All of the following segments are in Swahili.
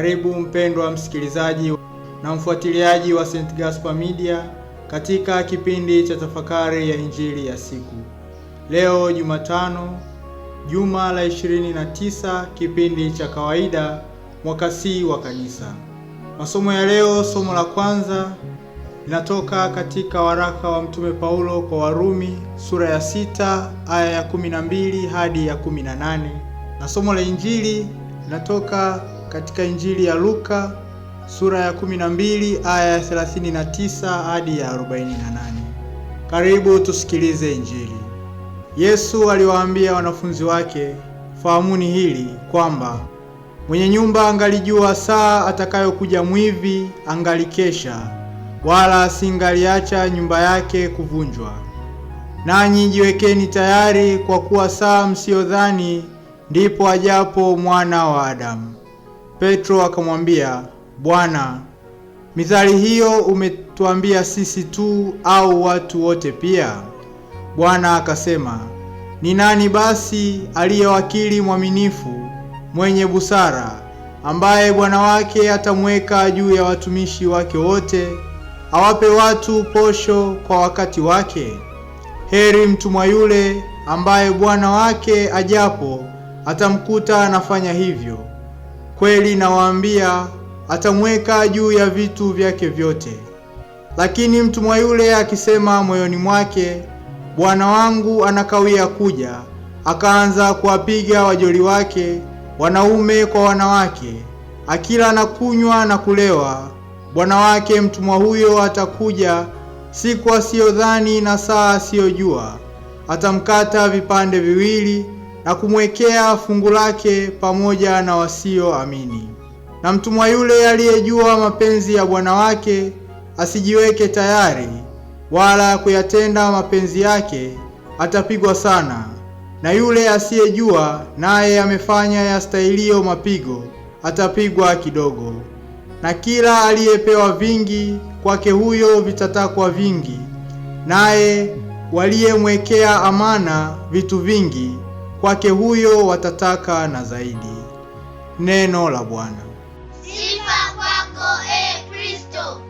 Karibu mpendwa msikilizaji na mfuatiliaji wa St. Gaspar Media katika kipindi cha tafakari ya injili ya siku leo, Jumatano, juma la 29 kipindi cha kawaida mwaka C wa Kanisa. Masomo ya leo, somo la kwanza linatoka katika waraka wa Mtume Paulo kwa Warumi sura ya sita aya ya 12 hadi ya 18 na somo la injili linatoka katika Injili ya Luka sura ya 12 aya ya 39 hadi ya 48. Karibu tusikilize Injili. Yesu aliwaambia wanafunzi wake, fahamuni hili kwamba mwenye nyumba angalijua saa atakayokuja mwivi, angalikesha wala asingaliacha nyumba yake kuvunjwa. Nanyi jiwekeni tayari, kwa kuwa saa msiyodhani ndipo ajapo mwana wa Adamu. Petro akamwambia, Bwana, mithali hiyo umetuambia sisi tu au watu wote pia? Bwana akasema, ni nani basi aliye wakili mwaminifu mwenye busara, ambaye bwana wake atamweka juu ya watumishi wake wote, awape watu posho kwa wakati wake? Heri mtumwa yule ambaye bwana wake ajapo atamkuta anafanya hivyo. Kweli nawaambia, atamweka juu ya vitu vyake vyote. Lakini mtumwa yule akisema moyoni mwake, Bwana wangu anakawia kuja, akaanza kuwapiga wajoli wake wanaume kwa wanawake, akila na kunywa na kulewa, bwana wake mtumwa huyo atakuja siku asiyodhani na saa asiyojua, atamkata vipande viwili na kumwekea fungu lake pamoja na wasioamini. Na mtumwa yule aliyejua mapenzi ya bwana wake asijiweke tayari wala kuyatenda mapenzi yake, atapigwa sana. Na yule asiyejua naye amefanya yastahiliyo mapigo, atapigwa kidogo. Na kila aliyepewa vingi, kwake huyo vitatakwa vingi, naye waliyemwekea amana vitu vingi kwake huyo watataka na zaidi. Neno la Bwana. Sifa kwako e Kristo.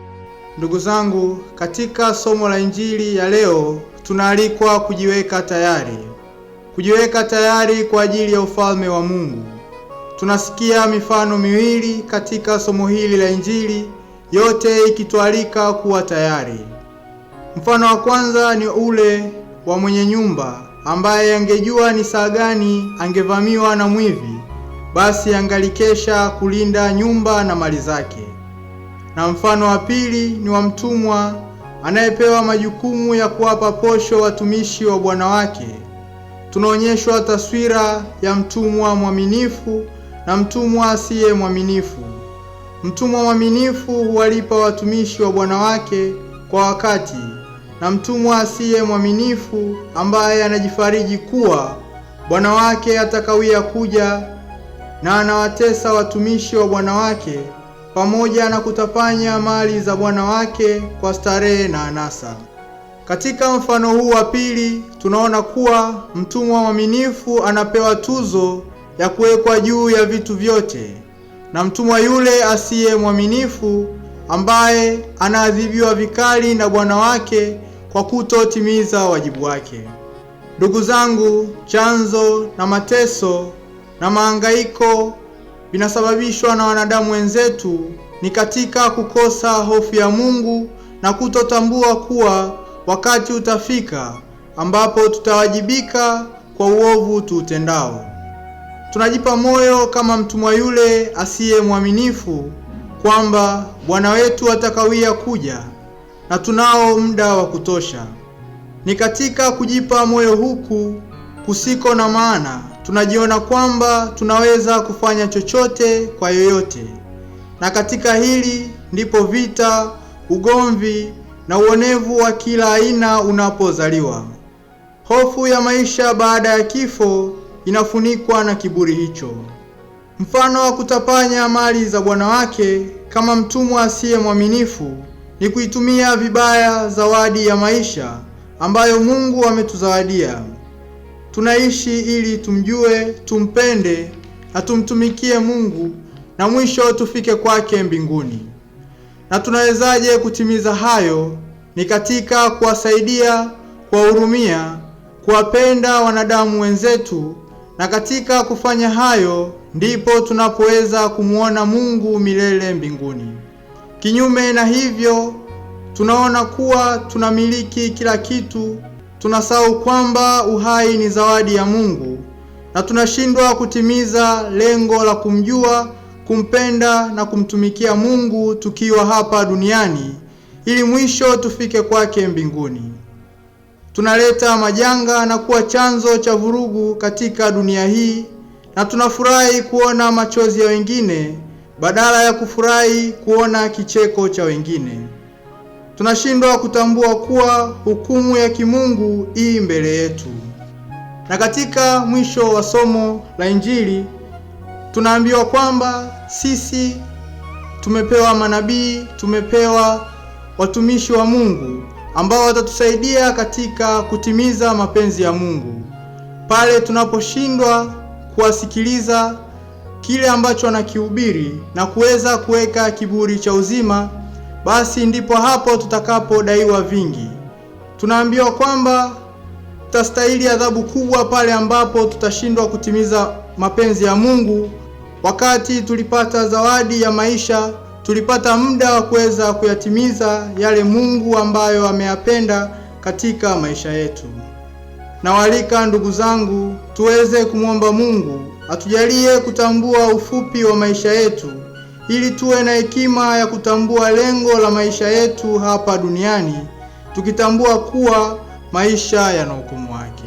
Ndugu zangu, katika somo la injili ya leo tunaalikwa kujiweka tayari, kujiweka tayari kwa ajili ya ufalme wa Mungu. Tunasikia mifano miwili katika somo hili la injili, yote ikitualika kuwa tayari. Mfano wa kwanza ni ule wa mwenye nyumba ambaye angejua ni saa gani angevamiwa na mwivi, basi angalikesha kulinda nyumba na mali zake. Na mfano wa pili ni wa mtumwa anayepewa majukumu ya kuwapa posho watumishi wa bwana wake. Tunaonyeshwa taswira ya mtumwa mwaminifu na mtumwa asiye mwaminifu. Mtumwa mwaminifu huwalipa watumishi wa bwana wake kwa wakati na mtumwa asiye mwaminifu ambaye anajifariji kuwa bwana wake atakawia kuja na anawatesa watumishi wa bwana wake pamoja na kutafanya mali za bwana wake kwa starehe na anasa. Katika mfano huu wa pili tunaona kuwa mtumwa mwaminifu anapewa tuzo ya kuwekwa juu ya vitu vyote, na mtumwa yule asiye mwaminifu ambaye anaadhibiwa vikali na bwana wake kwa kutotimiza wajibu wake. Ndugu zangu, chanzo na mateso na mahangaiko vinasababishwa na wanadamu wenzetu ni katika kukosa hofu ya Mungu na kutotambua kuwa wakati utafika ambapo tutawajibika kwa uovu tuutendao. Tunajipa moyo kama mtumwa yule asiye mwaminifu kwamba Bwana wetu atakawia kuja na tunao muda wa kutosha. Ni katika kujipa moyo huku kusiko na maana, tunajiona kwamba tunaweza kufanya chochote kwa yoyote, na katika hili ndipo vita, ugomvi na uonevu wa kila aina unapozaliwa. Hofu ya maisha baada ya kifo inafunikwa na kiburi hicho, mfano wa kutapanya mali za bwana wake kama mtumwa asiye mwaminifu ni kuitumia vibaya zawadi ya maisha ambayo Mungu ametuzawadia. Tunaishi ili tumjue, tumpende na tumtumikie Mungu na mwisho tufike kwake mbinguni. Na tunawezaje kutimiza hayo? Ni katika kuwasaidia, kuwahurumia, kuwapenda wanadamu wenzetu, na katika kufanya hayo ndipo tunapoweza kumwona Mungu milele mbinguni. Kinyume na hivyo, tunaona kuwa tunamiliki kila kitu, tunasahau kwamba uhai ni zawadi ya Mungu na tunashindwa kutimiza lengo la kumjua, kumpenda na kumtumikia Mungu tukiwa hapa duniani ili mwisho tufike kwake mbinguni. Tunaleta majanga na kuwa chanzo cha vurugu katika dunia hii na tunafurahi kuona machozi ya wengine badala ya kufurahi kuona kicheko cha wengine. Tunashindwa kutambua kuwa hukumu ya kimungu ii mbele yetu. Na katika mwisho wa somo la Injili tunaambiwa kwamba sisi tumepewa manabii, tumepewa watumishi wa Mungu ambao watatusaidia katika kutimiza mapenzi ya Mungu. Pale tunaposhindwa kuwasikiliza kile ambacho anakihubiri na kuweza kuweka kiburi cha uzima, basi ndipo hapo tutakapodaiwa vingi. Tunaambiwa kwamba tutastahili adhabu kubwa pale ambapo tutashindwa kutimiza mapenzi ya Mungu. Wakati tulipata zawadi ya maisha, tulipata muda wa kuweza kuyatimiza yale Mungu ambayo ameyapenda katika maisha yetu. Nawaalika ndugu zangu, tuweze kumwomba Mungu Atujalie kutambua ufupi wa maisha yetu ili tuwe na hekima ya kutambua lengo la maisha yetu hapa duniani, tukitambua kuwa maisha yana hukumu wake.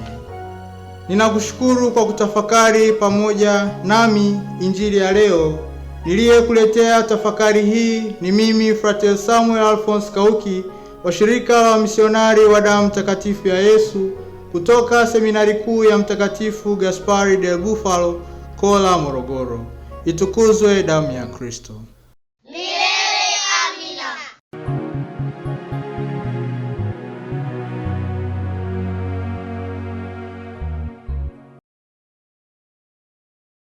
Ninakushukuru kwa kutafakari pamoja nami injili ya leo. Niliyekuletea tafakari hii ni mimi Frater Samuel Alphonse Kauki wa shirika la wamisionari wa damu mtakatifu ya Yesu kutoka seminari kuu ya Mtakatifu Gaspari del Bufalo Kola Morogoro. Itukuzwe damu ya Kristo!